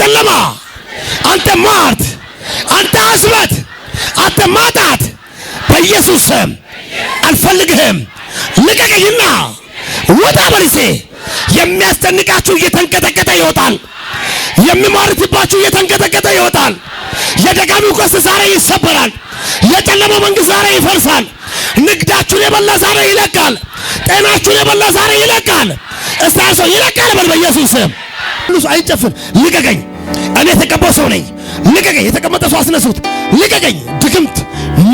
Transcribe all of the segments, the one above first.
ጨለማ፣ አንተ ሟርት፣ አንተ አስበት፣ አንተ ማጣት በኢየሱስ ስም አልፈልግህም፣ ልቀቀኝና ወጣ በልሴ። የሚያስጨንቃችሁ እየተንቀጠቀጠ ይወጣል። የሚሟርትባችሁ እየተንቀጠቀጠ ይወጣል። የደጋሚው ቀስት ዛሬ ይሰበራል። የጨለማው መንግስት ዛሬ ይፈርሳል ንግዳችሁን የበላ ዛሬ ይለቃል። ጤናችሁን የበላ ዛሬ ይለቃል። እስታሶ ይለቃል በል በኢየሱስ ስም ሁሉስ አይጨፍን። ልቀቀኝ፣ እኔ የተቀባው ሰው ነኝ። ልቀቀኝ፣ የተቀመጠ ሰው አስነሱት። ልቀቀኝ፣ ድግምት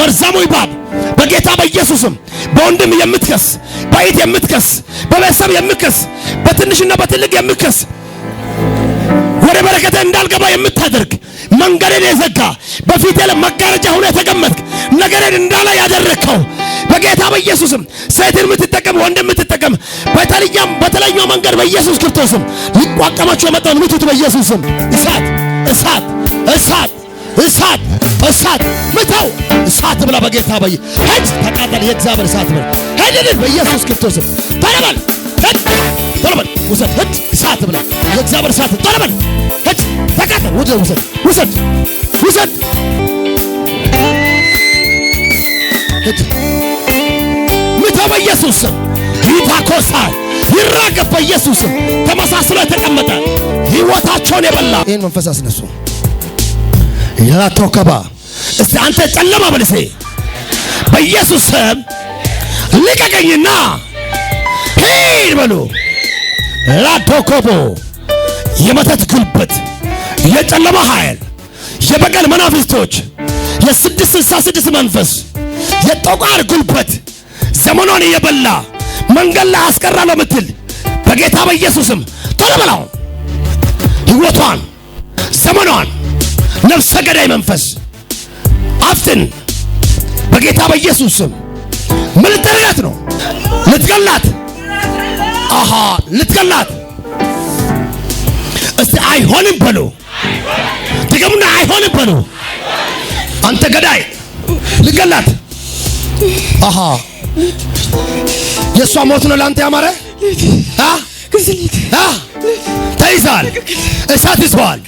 መርዛሙ ይባብ በጌታ በኢየሱስም በወንድም የምትከስ በአይት የምትከስ በቤተሰብ የምትከስ በትንሽና በትልቅ የምትከስ ወደ በረከተ እንዳልገባ የምታደርግ መንገዴን የዘጋ በፊቴ መጋረጃ ሆነ የተቀመጥክ ነገሬን እንዳላ ያደረግከው በጌታ በኢየሱስም ሴትን የምትጠቀም ወንድ የምትጠቀም በተለያም በተለያየ መንገድ በኢየሱስ ክርስቶስም ሊቋቀማቸው የመጣውን ምትት በኢየሱስም እሳት እሳት እሳት እሳት እሳት ምታው እሳት ብላ በጌታ በይ ሄድ ተቃጠል። የእግዚአብሔር እሳት ብላ ሄድልን በኢየሱስ ክርስቶስም ተረበል ሄድ ተረበል ውሰድ ሄድ እሳት ብላ የእግዚአብሔር እሳት ተረበል ሄድ ተቃጠል ውሰድ ውሰድ ውሰድ ሂድ ምተ በኢየሱስ ስም ይታኮሳ ይራገፍ በኢየሱስ ስም ተመሳስሎ የተቀመጠ ህይወታቸውን የበላ ይህን መንፈስ አስነሱ። ያቶከባ እስቲ አንተ ጨለማ በልሴ በኢየሱስ ልቀቀኝና ሂድ በሉ። ላቶኮቦ የመተት ጉልበት፣ የጨለማ ኃይል፣ የበቀል መናፍስቶች፣ የስድስት ስልሳ ስድስት መንፈስ የጠቋር ጉልበት ዘመኗን እየበላ መንገድ ላይ አስቀራለሁ ምትል በጌታ በኢየሱስም ቶሎ በላው ህይወቷን፣ ዘመኗን ነፍሰ ገዳይ መንፈስ አፍትን በጌታ በኢየሱስም ምን ልታደርጋት ነው? ልትገላት አሃ፣ ልትገላት እስቲ አይሆንም በሉ ድገሙና፣ አይሆንም በሉ አንተ ገዳይ ልትገላት አሃ የእሷ ሞት ነው ለአንተ ያማረ ተይዛል። እሳት ይዘዋል።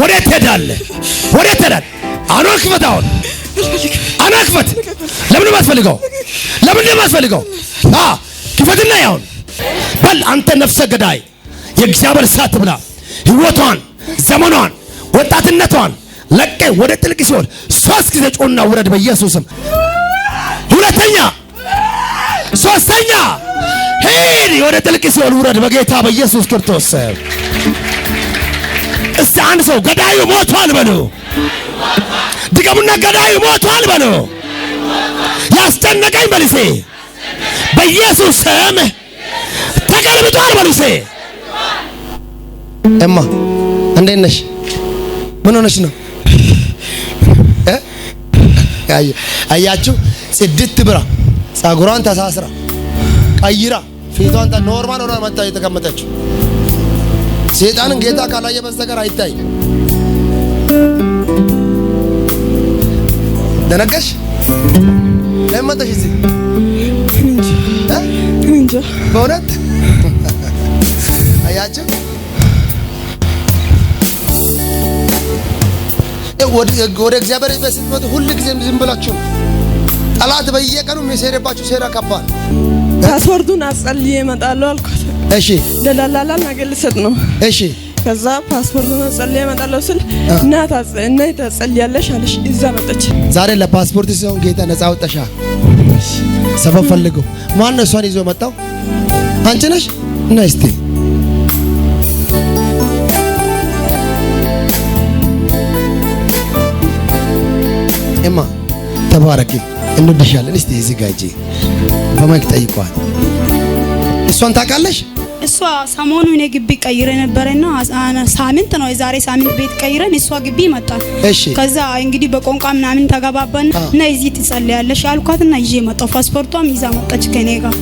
ወዴት ትሄዳለህ? ወዴት ትሄዳለህ? አኗን ክፈት! አሁን አኗን ለምን ማስፈልገው? ለምን ማስፈልገው? ክፈትና ያሁን በል አንተ ነፍሰ ገዳይ የእግዚአብሔር እሳት ብላ ህይወቷን፣ ዘመኗን፣ ወጣትነቷን ለቀ ወደ ጥልቅ ሲሆን ሶስት ጊዜ ጮና ውረድ በኢየሱስም ሶስተኛ ሶስተኛ ሄድ ወደ ጥልቅ ሲኦል ውረድ በጌታ በኢየሱስ ክርስቶስ። እስቲ አንድ ሰው ገዳዩ ሞቷል በሉ። ድገሙና ገዳዩ ሞቷል በሉ። ያስጨነቀኝ በልሴ በኢየሱስ ስም ተገልብጧል በልሴ። እማ እንዴት ነሽ? ምን ሆነሽ ነው? አያችሁ ስድት ብራ ጸጉሯን ተሳስራ ቀይራ ፊቷን ኖርማል ሆና መታ የተቀመጠችው። ሴጣንን ጌታ ካላየ በስተቀር አይታይ። ደነገሽ ለመጣሽ እዚህ በእውነት አያችሁ ወደ እግዚአብሔር ቤት ስትመጡ ሁልጊዜም ዝም ብላችሁ ነው ጠላት በየቀኑ የሚሰራባችሁ ሴራ ከባድ። ፓስፖርቱን አስጸልዬ እመጣለሁ አልኳት። እሺ ለላላላ ነገር ልሰጥ ነው። እሺ ከዛ ፓስፖርቱን አስጸልዬ እመጣለሁ ስል እና እና ታጸልያለሽ አለሽ። እዛ መጣች። ዛሬ ለፓስፖርት ሲሆን ጌታ ነፃ አውጣሻ። ሰበብ ፈልገው ማን ነው እሷን ይዞ መጣው? አንቺ ነሽ? እና እስቲ እማ ተባረኪ እንወድሻለን። እስቲ እዚህ ጋጂ በማይክ ጠይቋል። እሷን ታውቃለሽ? እሷ ሰሞኑን ግቢ ቀይረ ነበረና ሳምንት ነው የዛሬ ሳምንት ቤት ቀይረን እሷ ግቢ መጣን። ከዛ እንግዲህ በቋንቋ ምናምን ተገባባን እና እዚህ ትጸልያለሽ አልኳት እና ይዤ መጣሁ። ፓስፖርቷም ይዛ መጣች ከኔ ጋር።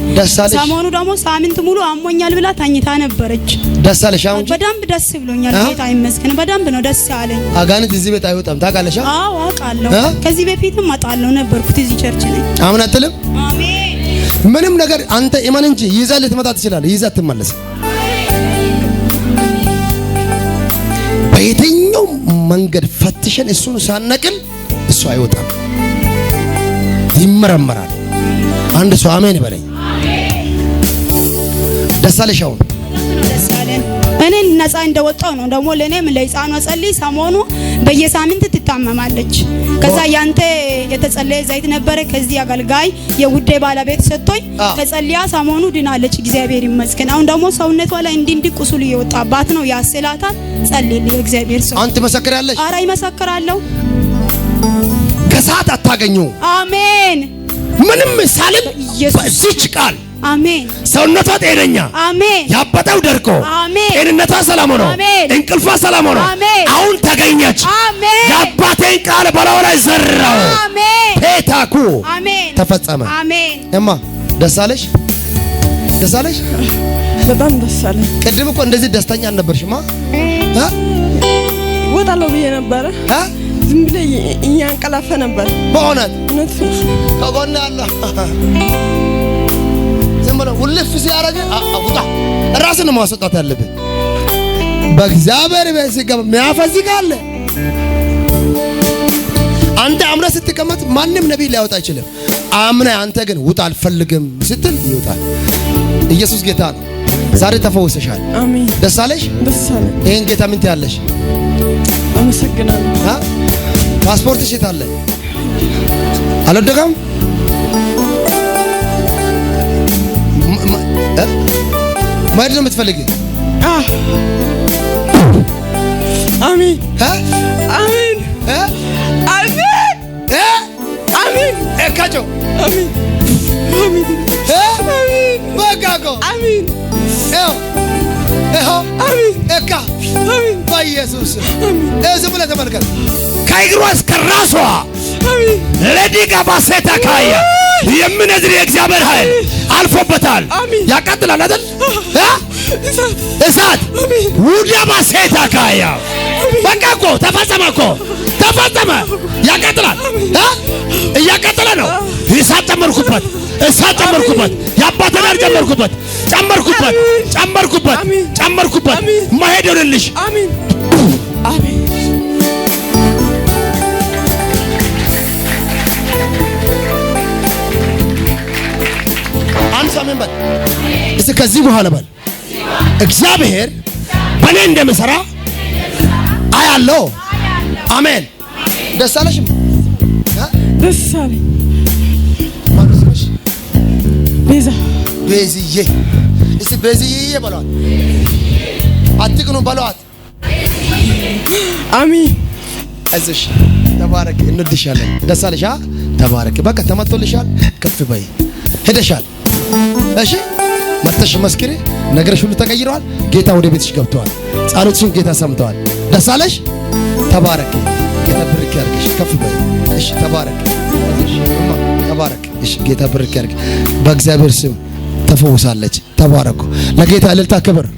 ሰሞኑ ደግሞ ሳምንት ሙሉ አሞኛል ብላ ታኝታ ነበረች። ደስ አለሽ? አሁን በደንብ ደስ ብሎኛል። ጌታ ይመስገን። በደንብ ነው ደስ ያለኝ። አጋንንት እዚህ ቤት አይወጣም። ታውቃለሽ? አዎ አውቃለሁ። ከዚህ በፊትም እመጣለሁ ነበርኩት እዚህ ቸርች ላይ። አምን አትልም አሜን ምንም ነገር አንተ ኢማን እንጂ ይዘህ ልትመጣ ትችላለህ። ይዘህ ትመለስ። በየትኛው መንገድ ፈትሸን እሱን ሳነቅል እሱ አይወጣም፣ ይመረመራል። አንድ ሰው አሜን ይበለኝ። ደሳለሽ አሁን እኔ ነፃ እንደወጣው ነው ደግሞ ለእኔም ለሕፃኗ ጸልይ ሰሞኑ በየሳምንት ትታመማለች። ከዛ ያንተ የተጸለየ ዘይት ነበረ ከዚህ አገልጋይ የጉዳይ ባለቤት ሰጥቶኝ ተጸልያ ሰሞኑ ድናለች። እግዚአብሔር ይመስገን። አሁን ደግሞ ሰውነቷ ላይ እንዲህ እንዲህ ቁስሉ እየወጣባት ነው። ያስላታል። ጸልይልኝ እግዚአብሔር ሰው አንተ መሰክራለሽ። ኧረ ይመሰክራለሁ። ከሰዓት አታገኙ። አሜን። ምንም ሳልም በዚች ቃል አሜን። ሰውነቷ ጤነኛ፣ አሜን። ያበጠው ደርቆ፣ ጤንነቷ ሰላም ሆኖ፣ እንቅልፏ ሰላም ሆኖ አሁን ተገኘች። አሜን። የአባቴን ቃል በላው ላይ ዘራው። አሜን። ፔታኩ ተፈጸመ። እማ ደስ አለሽ፣ ደስ አለሽ፣ በጣም ደስ አለ። ቅድም እኮ እንደዚህ ደስተኛ አልነበርሽማ። ወጣለሁ ብዬ ነበረ ዝም ብለ እያንቀላፈ ነበር። በእውነት ከጎን አለ ዝም ብሎ ውልፍ ሲያደርግ አውጣ። ራስን ማስወጣት ያለብህ በእግዚአብሔር ቤት ሲገባ የሚያፈዝግ አንተ አምነ ስትቀመጥ ማንም ነቢይ ሊያወጣ አይችልም። አምነ አንተ ግን ውጣ አልፈልግም ስትል ይወጣል። ኢየሱስ ጌታ ነው። ዛሬ ተፈውሰሻል። አሜን። ደስ አለሽ። ደስ አለ። ይሄን ጌታ ምን ትያለሽ? አመሰግናለሁ። ፓስፖርትሽ የት አለ? አልወደቀም። ማድረግ ነው የምትፈልግ? አሚን አሚን አሚን እካቸው አሚን በቃ እካ በኢየሱስ ዝም ብለህ ተመልከት። ከእግሯ እስከ ራሷ ለዲቀ ባሴታ ካያ የምነዝር የእግዚአብሔር ኃይል አልፎበታል። ያቃጥላል አይደል? እሳት ውዳማ ሴት አካያ በቃ እኮ ተፈጸመ እኮ ተፈጸመ። ያቃጥላል፣ እያቃጠለ ነው። እሳት ጨመርኩበት፣ እሳት ጨመርኩበት፣ የአባት ዳር ጨመርኩበት፣ ጨመርኩበት፣ ጨመርኩበት፣ ጨመርኩበት። መሄድ ይሁንልሽ። አሜን። አሜን በል እስቲ። ከዚህ በኋላ በል እግዚአብሔር በእኔ እንደምሰራ አያለው። አሜን። ደስ አለሽም? ደስ አለኝ። ቤዛ ቤዝዬ፣ እስቲ ቤዝዬ በሏት፣ አትቅኑ በሏት። አሜን። አይዞሽ፣ ተባረክ፣ እንወድሻለን። ደስ አለሽ? ተባረክ። በቃ ተመቶልሻል። ከፍ በይ፣ ሄደሻል። እሺ መተሽ መስክሪ ነገርሽ ሁሉ ተቀይረዋል። ጌታ ወደ ቤትሽ ገብተዋል። ጻሎትሽን ጌታ ሰምተዋል። ደስ አለሽ። ተባረክ። ጌታ ብርክ ያርግሽ። ከፍ በይ። እሺ ተባረክ። እሺ ተባረክ። እሺ ጌታ ብርክ ያርግ። በእግዚአብሔር ስም ተፈውሳለች። ተባረኩ። ለጌታ እልልታ ክብር